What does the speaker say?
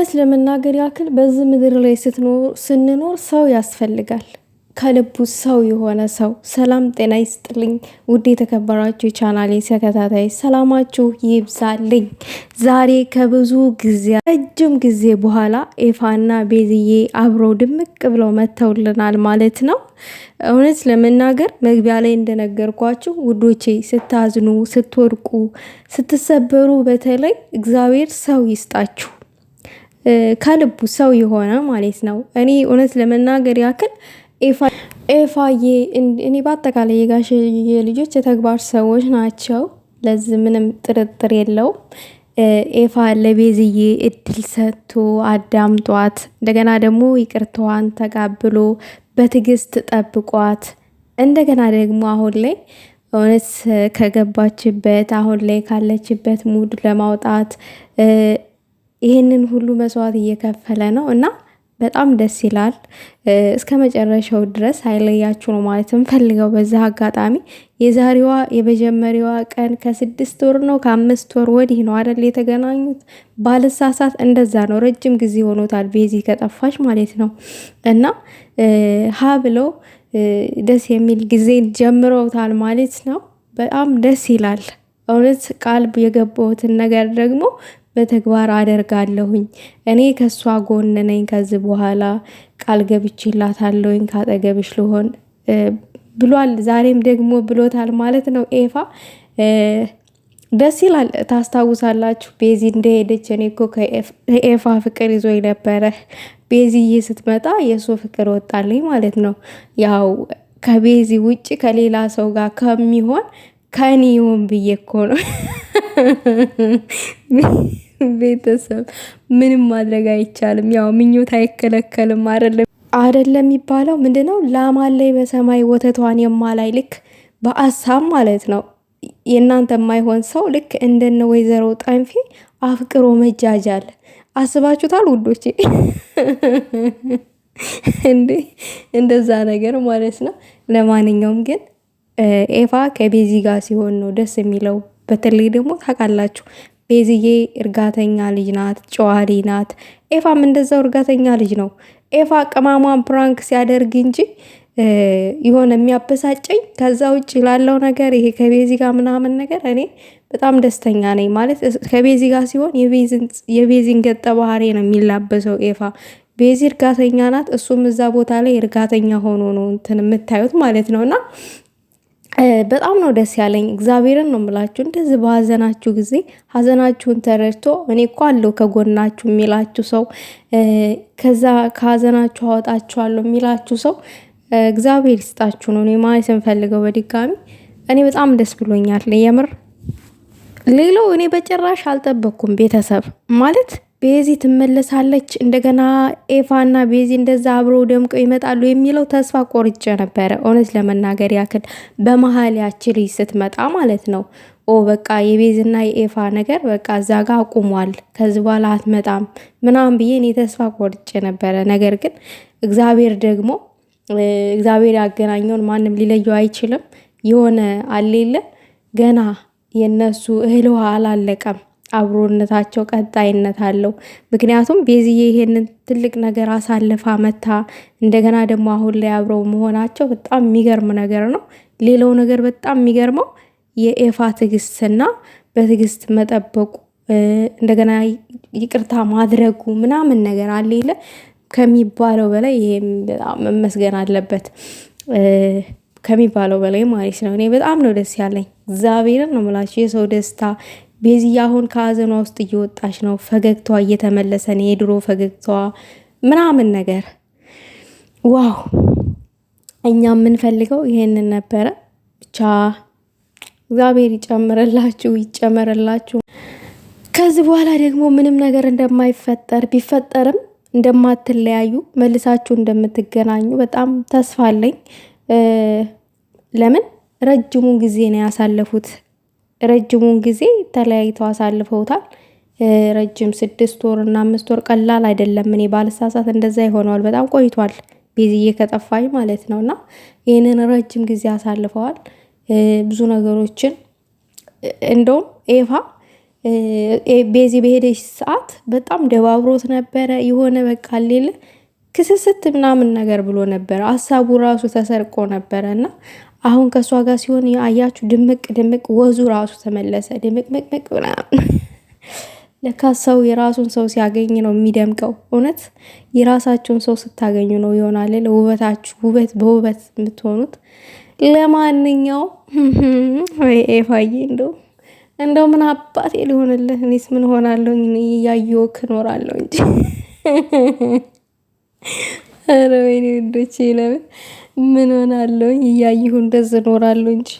እውነት ለመናገር ያክል በዚህ ምድር ላይ ስንኖር ሰው ያስፈልጋል። ከልቡ ሰው የሆነ ሰው። ሰላም ጤና ይስጥልኝ ውድ የተከበራችሁ የቻናሌ ተከታታይ ሰላማችሁ ይብዛልኝ። ዛሬ ከብዙ ጊዜ ረጅም ጊዜ በኋላ ኤፋና ቤዝዬ አብረው ድምቅ ብለው መተውልናል ማለት ነው። እውነት ለመናገር መግቢያ ላይ እንደነገርኳችሁ ውዶቼ፣ ስታዝኑ፣ ስትወድቁ፣ ስትሰበሩ በተለይ እግዚአብሔር ሰው ይስጣችሁ ከልቡ ሰው የሆነ ማለት ነው። እኔ እውነት ለመናገር ያክል ኤፋዬ እኔ በአጠቃላይ የጋሽ ልጆች የተግባር ሰዎች ናቸው። ለዚህ ምንም ጥርጥር የለውም። ኤፋ ለቤዝዬ እድል ሰጥቶ አዳምጧት፣ እንደገና ደግሞ ይቅርታዋን ተቀብሎ በትዕግስት ጠብቋት። እንደገና ደግሞ አሁን ላይ እውነት ከገባችበት አሁን ላይ ካለችበት ሙድ ለማውጣት ይህንን ሁሉ መስዋዕት እየከፈለ ነው እና በጣም ደስ ይላል። እስከ መጨረሻው ድረስ አይለያችሁ ነው ማለት እንፈልገው። በዛ አጋጣሚ የዛሬዋ የመጀመሪያዋ ቀን ከስድስት ወር ነው ከአምስት ወር ወዲህ ነው አደል የተገናኙት፣ ባለሳሳት እንደዛ ነው። ረጅም ጊዜ ሆኖታል ቤዚ ከጠፋች ማለት ነው እና ሀ ብለው ደስ የሚል ጊዜ ጀምረውታል ማለት ነው። በጣም ደስ ይላል። እውነት ቃል የገባሁትን ነገር ደግሞ በተግባር አደርጋለሁኝ። እኔ ከእሷ ጎን ነኝ። ከዚህ በኋላ ቃል ገብቼላታለሁኝ ካጠገብሽ ልሆን ብሏል። ዛሬም ደግሞ ብሎታል ማለት ነው ኤፋ ደስ ይላል። ታስታውሳላችሁ ቤዚ እንደሄደች እኔ እኮ ከኤፋ ፍቅር ይዞኝ ነበረ። ቤዚዬ ስትመጣ የእሱ ፍቅር ወጣልኝ ማለት ነው። ያው ከቤዚ ውጭ ከሌላ ሰው ጋር ከሚሆን ከኔ ይሆን ብዬ እኮ ነው። ቤተሰብ ምንም ማድረግ አይቻልም። ያው ምኞት አይከለከልም አይደለም አይደለም የሚባለው ምንድን ነው? ላማን በሰማይ ወተቷን የማላይ ልክ በአሳብ ማለት ነው። የእናንተ የማይሆን ሰው ልክ እንደነ ወይዘሮ ጠንፌ አፍቅሮ መጃጃል አስባችሁታል ውዶቼ? እንዴ እንደዛ ነገር ማለት ነው። ለማንኛውም ግን ኤፋ ከቤዚ ጋር ሲሆን ነው ደስ የሚለው። በተለይ ደግሞ ታውቃላችሁ ቤዝዬ እርጋተኛ ልጅ ናት፣ ጨዋሪ ናት። ኤፋም እንደዛው እርጋተኛ ልጅ ነው። ኤፋ ቅማሟን ፕራንክ ሲያደርግ እንጂ የሆነ የሚያበሳጨኝ ከዛ ውጭ ላለው ነገር ይሄ ከቤዚ ጋር ምናምን ነገር እኔ በጣም ደስተኛ ነኝ። ማለት ከቤዚ ጋር ሲሆን የቤዚን ገጠ ባህሪ ነው የሚላበሰው ኤፋ። ቤዚ እርጋተኛ ናት፣ እሱም እዛ ቦታ ላይ እርጋተኛ ሆኖ ነው እንትን የምታዩት ማለት ነው እና በጣም ነው ደስ ያለኝ። እግዚአብሔርን ነው ምላችሁ። እንደዚህ በሀዘናችሁ ጊዜ ሀዘናችሁን ተረድቶ እኔ እኮ አለሁ ከጎናችሁ የሚላችሁ ሰው፣ ከዛ ከሀዘናችሁ አወጣችኋለሁ የሚላችሁ ሰው እግዚአብሔር ይስጣችሁ ነው እኔ ማለት ስንፈልገው። በድጋሚ እኔ በጣም ደስ ብሎኛል የምር። ሌላው እኔ በጭራሽ አልጠበኩም ቤተሰብ ማለት ቤዚ ትመለሳለች፣ እንደገና ኤፋና ቤዚ እንደዛ አብረው ደምቀው ይመጣሉ የሚለው ተስፋ ቆርጬ ነበረ። እውነት ለመናገር ያክል በመሀል ያችል ልጅ ስትመጣ ማለት ነው። ኦ በቃ የቤዝና የኤፋ ነገር በቃ እዛ ጋ አቁሟል፣ ከዚህ በኋላ አትመጣም ምናምን ብዬ እኔ ተስፋ ቆርጬ ነበረ። ነገር ግን እግዚአብሔር ደግሞ እግዚአብሔር ያገናኘውን ማንም ሊለየው አይችልም። የሆነ አሌለ ገና የነሱ እህል ውሃ አላለቀም። አብሮነታቸው ቀጣይነት አለው። ምክንያቱም ቤዝዬ ይሄንን ትልቅ ነገር አሳልፋ መታ እንደገና ደግሞ አሁን ላይ አብረው መሆናቸው በጣም የሚገርም ነገር ነው። ሌላው ነገር በጣም የሚገርመው የኤፋ ትዕግስትና በትዕግስት መጠበቁ እንደገና ይቅርታ ማድረጉ ምናምን ነገር አለለ ከሚባለው በላይ ይሄም በጣም መመስገን አለበት ከሚባለው በላይ ማለት ነው። እኔ በጣም ነው ደስ ያለኝ እግዚአብሔርን ነው የምላችሁ የሰው ደስታ ቤዚያ አሁን ከሀዘኗ ውስጥ እየወጣች ነው። ፈገግታዋ እየተመለሰ ነው፣ የድሮ ፈገግታዋ ምናምን ነገር ዋው። እኛ የምንፈልገው ይሄንን ነበረ። ብቻ እግዚአብሔር ይጨምርላችሁ፣ ይጨመርላችሁ። ከዚህ በኋላ ደግሞ ምንም ነገር እንደማይፈጠር ቢፈጠርም እንደማትለያዩ መልሳችሁ እንደምትገናኙ በጣም ተስፋ አለኝ። ለምን ረጅሙን ጊዜ ነው ያሳለፉት ረጅሙን ጊዜ ተለያይተው አሳልፈውታል። ረጅም ስድስት ወር እና አምስት ወር ቀላል አይደለም። እኔ ባልሳሳት እንደዛ ይሆነዋል። በጣም ቆይቷል ቤዝዬ ከጠፋኝ ማለት ነው። እና ይህንን ረጅም ጊዜ አሳልፈዋል። ብዙ ነገሮችን እንደውም ኤፋ ቤዚ በሄደች ሰዓት በጣም ደባብሮት ነበረ። የሆነ በቃ ሌለ ክስስት ምናምን ነገር ብሎ ነበረ። ሀሳቡ ራሱ ተሰርቆ ነበረ እና አሁን ከእሷ ጋር ሲሆን አያችሁ፣ ድምቅ ድምቅ ወዙ ራሱ ተመለሰ። ድምቅ ምቅምቅ ምናምን። ለካ ሰው የራሱን ሰው ሲያገኝ ነው የሚደምቀው። እውነት የራሳችሁን ሰው ስታገኙ ነው ይሆናል ውበታችሁ፣ ውበት በውበት የምትሆኑት። ለማንኛውም ኤፋዬ እንደው እንደው ምን አባቴ ሊሆንልህ፣ እኔስ ምን ሆናለሁ? እያየሁህ እኖራለሁ እንጂ ኧረ ወይኔ ውዶቼ ለምን ምን ሆናለሁኝ? እያየሁ እንደዚህ እኖራለሁ እንጂ